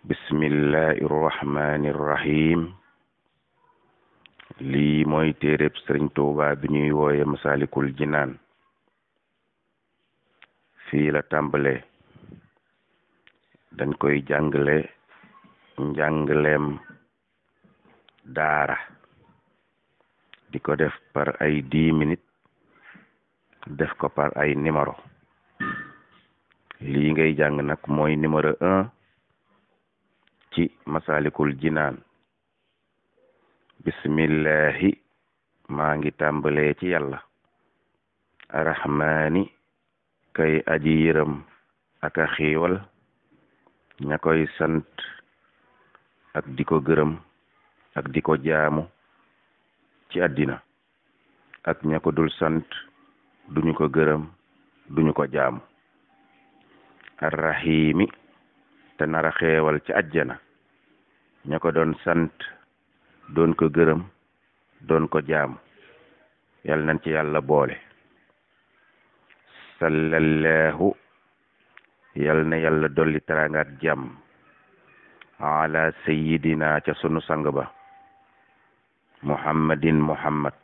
bismillahi irrahmani irrahim lii mooy téereb sëriñ Tuuba bi ñuy wooye masalikul jinaan fii la tàmbale dañ koy jàngale njàngaleem daara di ko def par ay dix minutes def ko par ay numéro lii ngay jàng nag mooy numéro ci masalikul jinaan bismillahi maa ngi tàmbalee ci yàlla arrahmaani kay aji yërëm ak a xiiwal ña koy sant ak di ko gërëm ak di ko jaamu ci àddina ak ña dul sant duñu ko gërëm duñu ko jaamu arrahimi te nara a xeewal ci àjjana ña ko doon sant doon ko gërëm doon ko jaamu yal nañ ci yàlla boole sallallahu yal na yàlla dolli teraangaat jàmm ala sayidina ca sunu sang ba muhammadin muhammad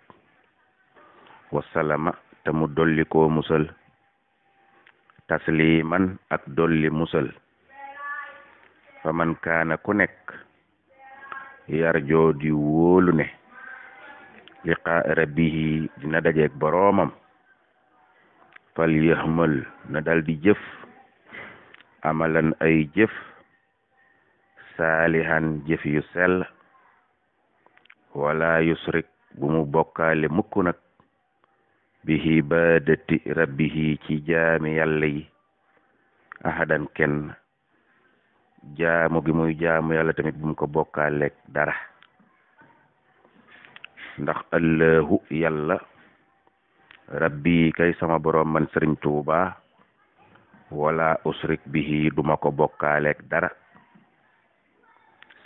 wasalama te mu dolli koo musal tasliman ak dolli musal fa man kaana ku nekk yarjoo di wóolu liqaa rabbihi dina dajeeg boroomam fal yaxmal na dal jëf amalan ay jëf saalihan jëf yu sell wala yusrik bu mu bokkaale mukk nag bi rabbihi ci jaami yàlla yi ahadan kenn jaamu gi muy jaamu yàlla tamit bu mu ko bokkaaleeg dara ndax allahu yàlla rabbi kay sama borom man sëriñ tuuba wala usrik bihi duma ko bokkaaleeg dara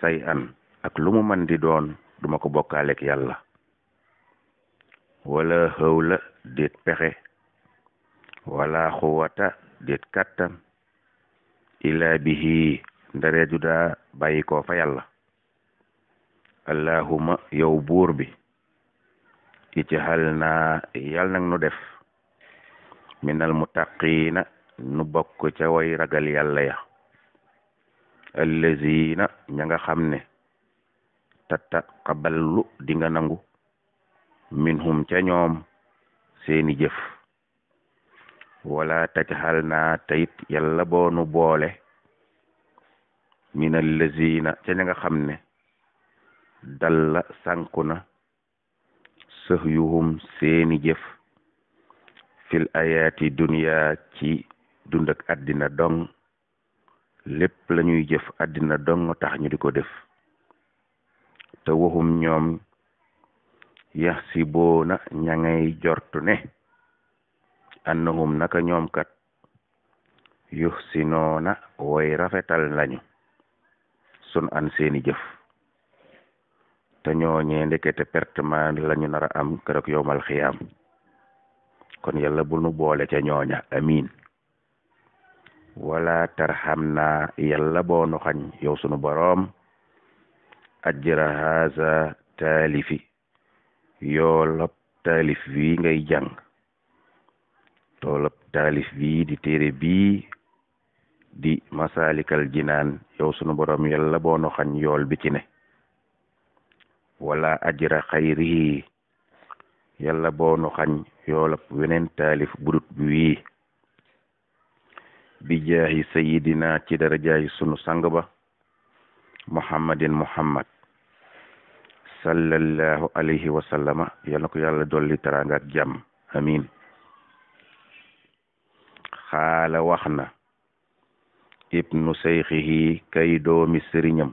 say an ak lu mu man di doon duma ko bokkaaleeg yàlla wala xawla déet pexe wala xuwata déet kattan ila bihi ndare ju daa bàyyi ko fa yàlla allahuma yow buur bi ici na naa yàlla nag nu def minal muttaqiina nu bokk ca way ragal yàlla ya allazina ña nga xam ne tatta xaballu di nga nangu minhum ca ñoom seeni jëf wala taj xal naa tayit yàlla nu boole min allazina ca ña nga xam ne dalla sànku na sahyuhum seeni jëf fil ayaati dunya ci dund ak àddina dong lépp lañuy jëf àddina dong tax ñu di ko def te waxum ñoom yax si boona ña ngay naka ñoom kat yuxsinoona way rafetal lañu sun an seeni jëf te ñooñee ndekete pertement la ñu nar a am keroog yowmal xiyaam kon yàlla bu nu boole ca ñooña amiin wala tarxam na yàlla boo nu xañ yow sunu boroom ajra haza taalifi yoolab taalif bii ngay jàng toolab taalif bii di téere bii di masaalikal jinaan yow sunu borom yàlla boo xañ yool bi ci ne wala ajra xayrihi yàlla boo nu xañ yoolab weneen taalif budut bi wii bi sayidina ci darajaayi sunu sang ba muhammadin muhammad sallallahu alayhi wa sallama yal na yàlla dolli teraanga ak jàmm xaala wax ibnu seyxihi kay doomi sëriñam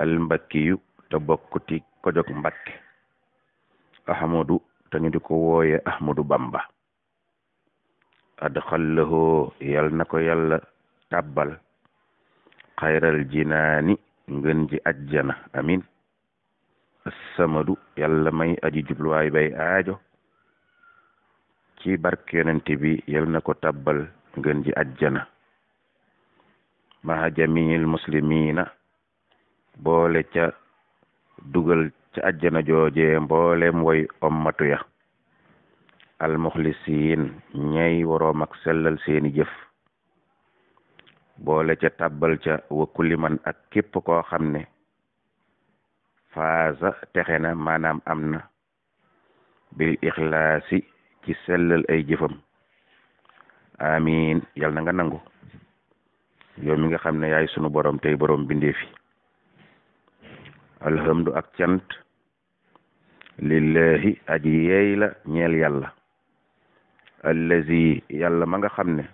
almbakkiyu te bokkuti ko jog mbakke ahmadu te ñu di ko wooye ahmadu bamba adxallahoo yal na ko yàlla tabbal xayral jinaani ngën ji ajjana amin assamadu yàlla may aji jubluwaay bay aajo ci barke yonente bi yal na ko tàbbal ngën ji ajjana maha jamiil muslimina boole ca dugal ca ajjana jooje mboolem woy ommatu ya almuxlisiin ñay waroom ak sellal seeni jëf boole ca tabbal ca wa kulli man ak képp koo xam ne fasa texe na maanaam am na bil ixlaasi ci sellal ay jëfam amin yal na nga nangu yow mi nga xam ne yaay sunu borom tey borom bindee fi ak cant lillahi aji yeey la ñeel yàlla allazi yàlla ma nga xam ne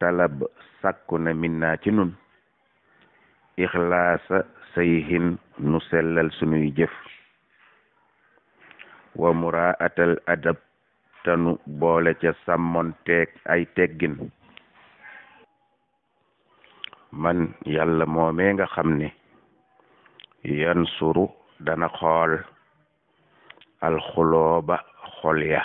talab sàkku na minna ci nun ixlaasa sayhin nu sellal sunuy jëf wa muraatal adab boole ca sàmmoon teeg ay teggin man yàlla moomee nga xam ne yan suru dana xool alxulooba xol ya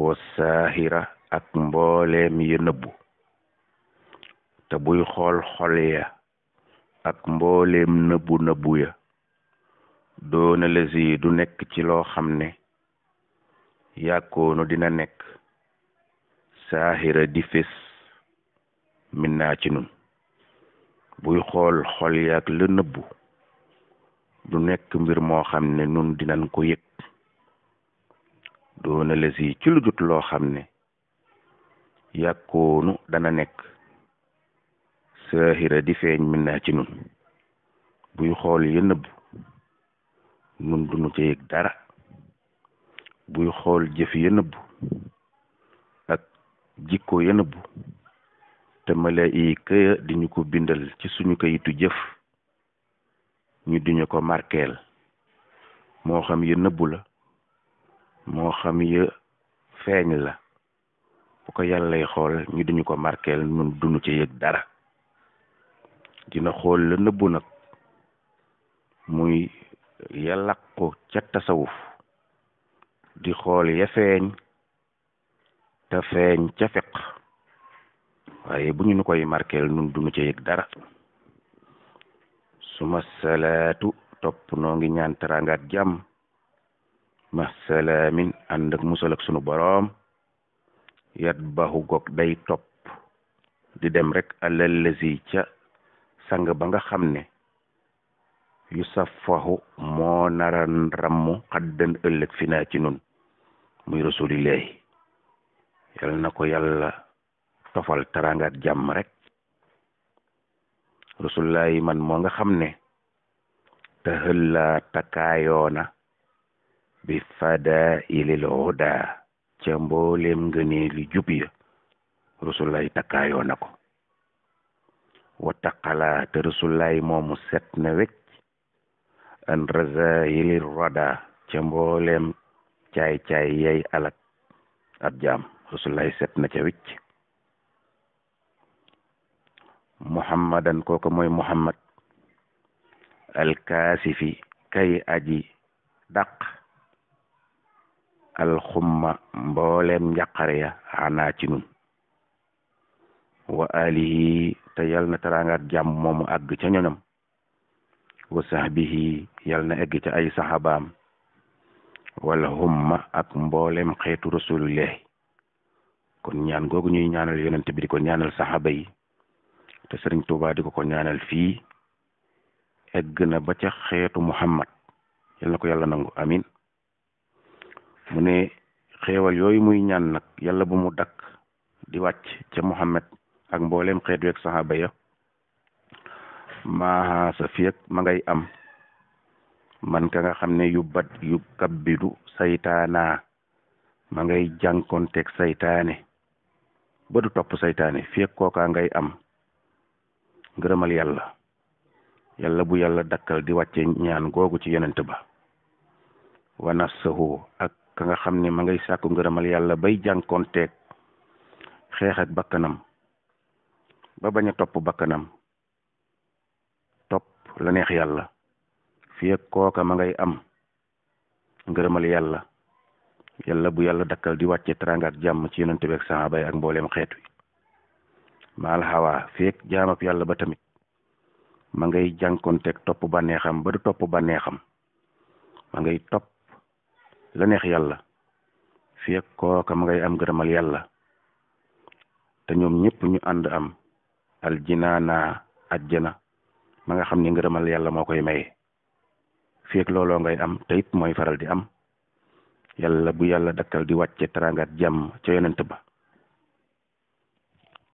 wa saahira ak mbooleem ya nëbbu te buy xool xol ya ak mboolem nëbbu nëbbu ya doona la si du nekk ci loo xam ne yàkkoonu dina nekk saahira di fés min naa ci nun buy xool xool yaag la nëbbu du nekk mbir moo xam ne nun dinañ ko yëg doona les yi ci lu dut loo xam ne yàkkoonu dana nekk saaxira di feeñ min naa ci nun buy xool ya nëbbu nun duñu ca yëg dara buy xool jëf ya nëbbu ak jikko ya nëbbu te malaayika ya di ñu ko bindal ci suñu kayitu jëf ñu diñu ko markeel moo xam ya nëbbu la moo xam ya feeñ la bu ko yàllay xool ñu diñu ko markeel nun dunu ci yëg dara dina xool la nëbbu nag muy yàllaq ko ca tasawuf di xool ya feeñ te feeñ ca fiq waaye bu ñu nu koy markeel nun duñu ca yëg dara suma salaatu topp noo ñaan teraangaat jàmm ma salaamin ànd ak musal ak sunu boroom yat baxu gog day topp di dem rek àlallasi ca sang ba nga xam ne yu safaxu moo naran rammu xaddan ëllëg fi ci nun muy rasulillahi yal na ko yàlla tofal taraangaat jàmm rek rasulullah man moo nga xam ne te xëlla takaayoona bi fada ilil huda ca mbooleem ngënee li jub ya rasulullah takaayoona ko wataqala te rasulullah moomu set na wecc an raza ilil rada ca mbooleem caay caay yay alak ab jaam rasulullah set na ca wecc muhammadan kooku mooy muhammad alkaasifi kay aji daq alxumma mboolem njaqare ya xanaa ci nun wa alihi te yal na teraanga ak jàmm moomu ca ñoñom wa sahbihi yal na egg ay saxabaam wala humma ak mboolem xeetu rasulillah kon ñaan googu ñuy ñaanal yonent bi di ko ñaanal saxaba yi te sëriñ Touba di ko ko ñaanal fii egg na ba ca xeetu Muhammad yal na ko yàlla nangu amin mu ne xeewal yooyu muy ñaan nag yàlla bu mu dakk di wàcc ca Muhammad ak mboolem xeet weeg saxaaba ya maaxa ma ngay am man ka nga xam ne yu bat kabbidu saytaana ma ngay jànkonteeg saytaane badu du topp saytaane fi ak kooka ngay am ngërëmal yàlla yàlla bu yàlla dakkal di wàcce ñaan googu ci yonent ba wa nafsahu ak ka nga xam ni ma ngay sàkku ngërëmal yàlla bay jànkoonteeg xeex ak bakkanam ba bañ a topp bakkanam topp la neex yàlla fii ak kooka ma ngay am ngërëmal yàlla yàlla bu yàlla dakkal di wàcce teraanga jàmm ci yonent bi ak saxaaba yi ak mbooleem xeet wi maal xawaa feek jaam yàlla ba tamit ma ngay jànkonteeg topp bànneexam ba du topp baneexam ma ngay topp la neex yàlla feek kooka ma ngay am gërëmal yàlla te ñoom ñëpp ñu ànd am na ajjana ma nga xam ni ngërëmal yàlla moo koy maye feek looloo ngay am te mooy faral di am yàlla bu yàlla dakkal di wàcce teraangaat jam ca yonent ba